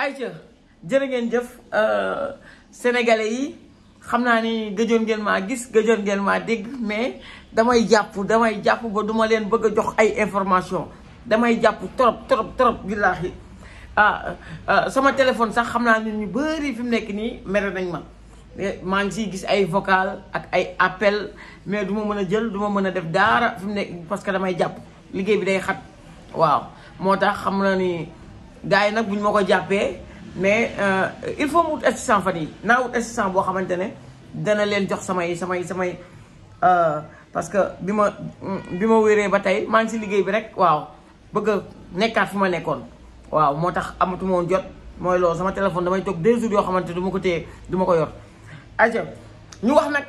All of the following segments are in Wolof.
ayca jërë ngeen jëf euh, sénégalais yi xam naa ni gëjoon ngeen maa gis gëjoon ngeen maa dégg mais damay jàpp damay jàpp ba duma leen bëgg terap, jox ay information damay jàpp trop trop trop billaahi ah euh, sama téléphone sax xam naa nit ñu bëri fi mu nekk nii mere nañ ma eh, maa ngi siy gis ay vocal ak ay appel mais du ma mën jël du ma def nekk parce que damay liggéey bi day xat waaw ni gars yi nag bu ñu ma ko jàppee mais euh, il faut mu wut assistant fan yi naa wut assistant boo xamante ne dana leen jox samay samay samay euh, parce que bi ma bi ma wéree ba tey maa ngi si liggéey bi rek waaw bëgg a nekkaat fu ma nekkoon waaw moo tax amatuma woon jot mooy loolu sama téléphone damay toog deux jours yoo xamante du ma ko téye du ma ko yor aja ñu wax nag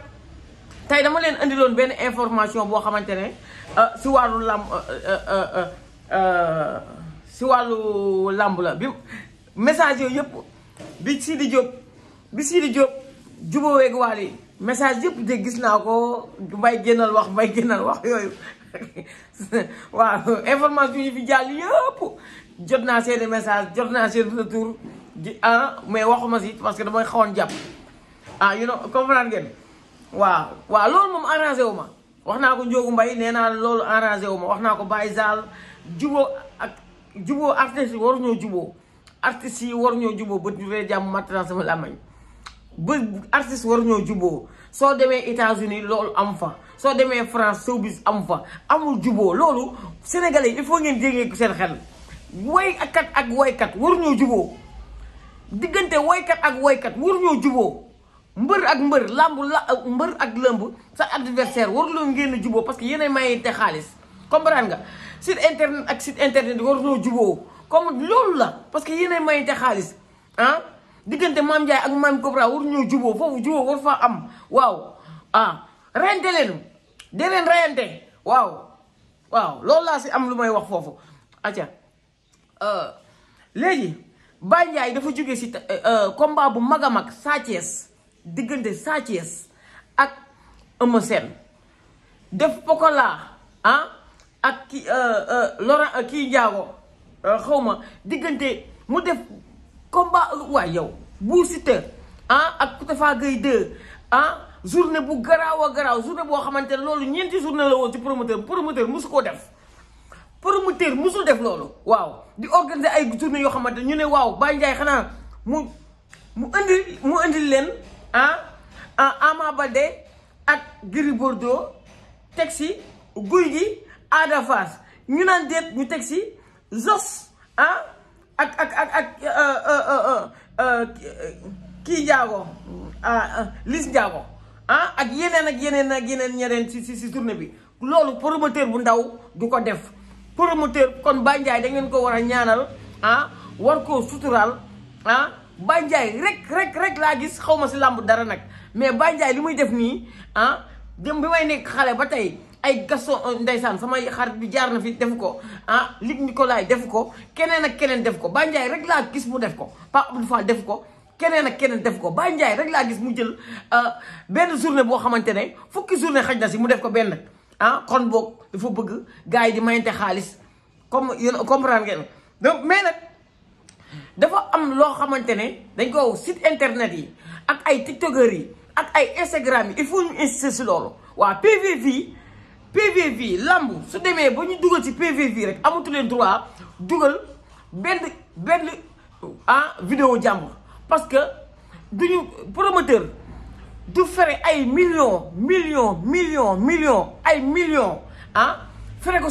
tey dama leen indiloon benn information boo xamante ne euh, si wàllu si wàllu làmb la bi message yooyu yëpp bi Sidi Diop bi Sidi Diop jubóoweeg Wally message yëpp de gis naa ko may génnal wax may génnal wax yooyu waaw information yi fi jàll yëpp jot naa seen message jot naa seen retour di ah mais waxuma si parce que damay xawoon jàpp ah you know comprendre ngeen waaw waaw loolu moom arrangé wu ma wax naa ko Ndiogu Mbaye nee naa loolu arrangé wu ma wax naa ko Baye Zal jubóo juboo artistes yi waruñoo juboo artistes yi waruñoo juboo bët bi fee jàmm matt sama làmmañ ba waruñoo juboo soo demee États-Unis loolu am fa soo demee France showbiz am fa amul juboo loolu sénégalais il faut ngeen jégee seen xel woy woykat ak woykat waruñoo juboo diggante woykat ak woykat waruñoo juboo mbër ak mbër làmb la mbër ak lëmb sa adversaire waruloo ngeen a juboo parce que yéen a mayente xaalis comprendre nga site internet ak site internet waruñoo juboo comme loolu la parce que yéenay mayante xaalis ah diggante maam Ndiaye ak maam Cobra waruñoo juboo foofu juboo war faa am waaw ah reyante leen de leen reyante waaw waaw loolu laa si am lu may wax foofu acca euh, léegi Baye dafa jóge si euh, combat bu mag a mag Sa Thiès diggante Sa Thiès ak Eumeu Sène def pokola ah ak ki euh, euh, Laurent euh, kii Ndiago xaw ma diggante mu def combat waay yow si Siteu ah ak Tafa Gueye 2 ah journée bu garaaw a garaaw journée boo xamante ne loolu ñeenti journée la woon ci promoteur promoteur mosu koo def promoteur mosul def loolu waaw di organiser ay journée yoo xamante ne ñu ne waaw Baye xanaa mu mu indi mu indi leen ah, ah Ama Baldé ak Gris Bordeaux teg si guy gi Ada Fass ñu naan déet ñu teg si Zos ah ak ak ak ak euh, euh, euh, kii Ndiago ah, list Ndiago ah ak yeneen ak yeneen ak yeneen ñeneen si si si bi loolu promoteur bu ndaw du ko def promoteur kon Baye Ndiaye da ngeen ko war a ñaanal ah war koo suturaal ah Baye rek rek rek laa gis xaw ma si làmb dara nag mais bànjaay Ndiaye li muy def nii ah dem bi may nekk xale ba tey. ay Gaston euh, ndeysaan sama xarit bi jaar na fi def ko ah Luc Nicolaï def ko keneen ak keneen def ko Ba Ndiaye rek laa gis mu def ko Pape Abdou Fall def ko keneen ak keneen def ko Ba Ndiaye rek laa gis mu jël euh, benn journée boo xamante ne fukki journée xaj na si mu def ko benn ah kon boog dafa bëgg gars yi di mayante xaalis comme yéen comprendre ngeen donc mais nag dafa am loo xamante ne dañ ko sit internet yi ak ay tiktokers yi ak ay Instagram yi il faut ñu insister si PVV Lambu, se PVV droit ben, vidéo parce que duñu promoteur du million, millions millions millions millions ay millions ah faire ko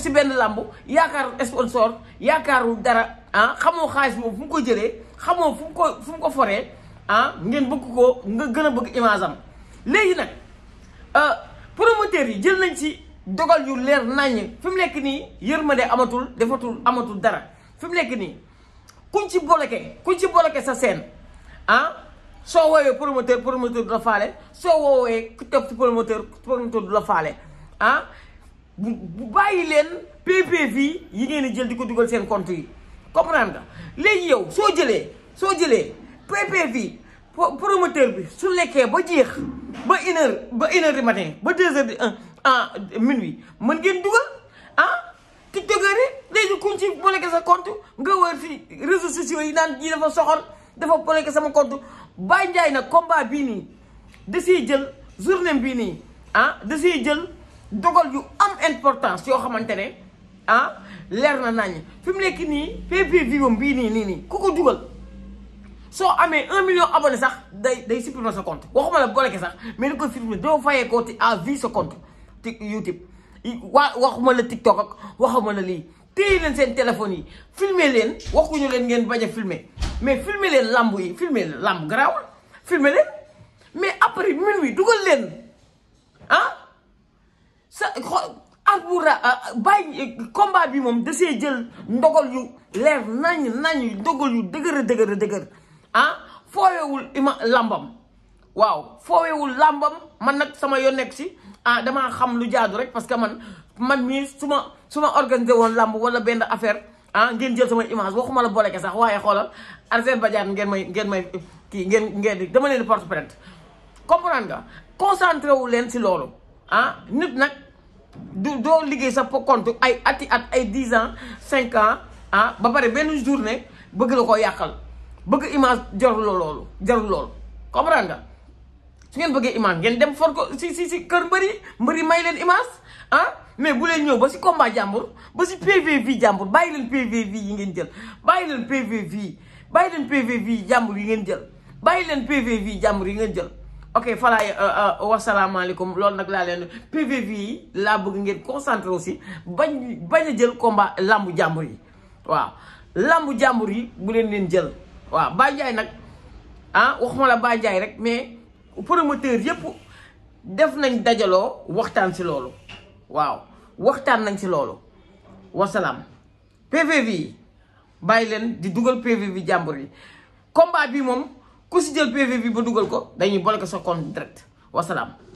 y sponsor yakar, dara ah, il y ah, a ko bëgg image dogal yu leer naññ fi mu nekk nii yërmande amatul defatul amatul dara fi mu nekk nii kuñ ci bloqué kuñ ci bloqué sa scène ah soo woowee promoteur promoteur du la faale soo woowee ku topp ci promoteur promoteur du la faale ah bu bàyyi leen PPV yi ngeen di jël di ko dugal seen compte yi comprendre nga léegi yow soo jëlee soo jëlee PPV promoteur bi su lekkee ba jeex ba une ba une heure ba deux heures du ah minuit mën ngeen dugal ah tiktokeur yi léegi kuñ ci bloqué sa compte nga wër si réseaux sociaux yi naan yi dafa soxor dafa bloqué sama compte Baye njaay na combat bii nii da siy jël journée bii nii ah da jël dogal yu am importance yoo xamante ne ah, leer na nañ fi mu nekk nii PPV am bii nii nii nii ku ko dugal soo amee un million abonné sax day day supprimer sa compte waxuma la bloqué sax mais ni ko supprimer doo fayee ko ci à vie sa compte youtube wa waxuma la tiktok waxuma la li. téléphone yi filmer leen waxuñu ngeen filmer mais filmer leen lamb yi filmer lamb graw. filmer mais après minuit dugal ah? sa ah, ah, combat bi mom de jël ndogol yu nañ nañ yu ima lambam waaw lambam man nag sama yoon nekk si ah damaa xam lu jaadu rek parce que man man mii su ma su ma organisé woon làmb wala benn affaire ah ngeen jël sama image waxuma la booleke sax waaye xoolal Arsène Badiane ngeen may ngeen may kii ngeen ngeen dama leen di porte plainte comprendre nga concentré wu leen si loolu ah nit nag du doo liggéey sa compte ay ati at ay dix ans cinq ans ah ba pare benn journée bëgg la koo yàqal bëgg image jaruloo loolu jarul loolu comprendre nga su ngeen bëggee image ngeen dem for ko si si si kër mbëri mbëri may leen image ah mais bu leen ñëw ba si combat jàmbur ba si p PVV jàmbur bàyyi leen PVV yi ngeen jël bàyyi leen PVV bàyyi leen PVV jàmbur yi ngeen jël bàyyi leen PVV jàmbur yi ngeen jël ok falaay euh, euh, wasalaamaaleykum loolu nag laa leen PVV yi laa bëgg ngeen concentré aussi bañ bañ a jël komba làmbu jàmbur yi waaw làmbu jàmbur yi bu leen leen jël waaw Ba Ndiaye nag ah waxuma la Ba Ndiaye rek mais promoteur yépp def nañ dajaloo waxtaan si loolu waaw waxtaan nañ si loolu wasalaam PVV yi bàyyi leen di dugal PVV jàmbur yi combat bi moom ku si jël PVV ba dugal ko dañuy bloqué sa compte direct wasalaam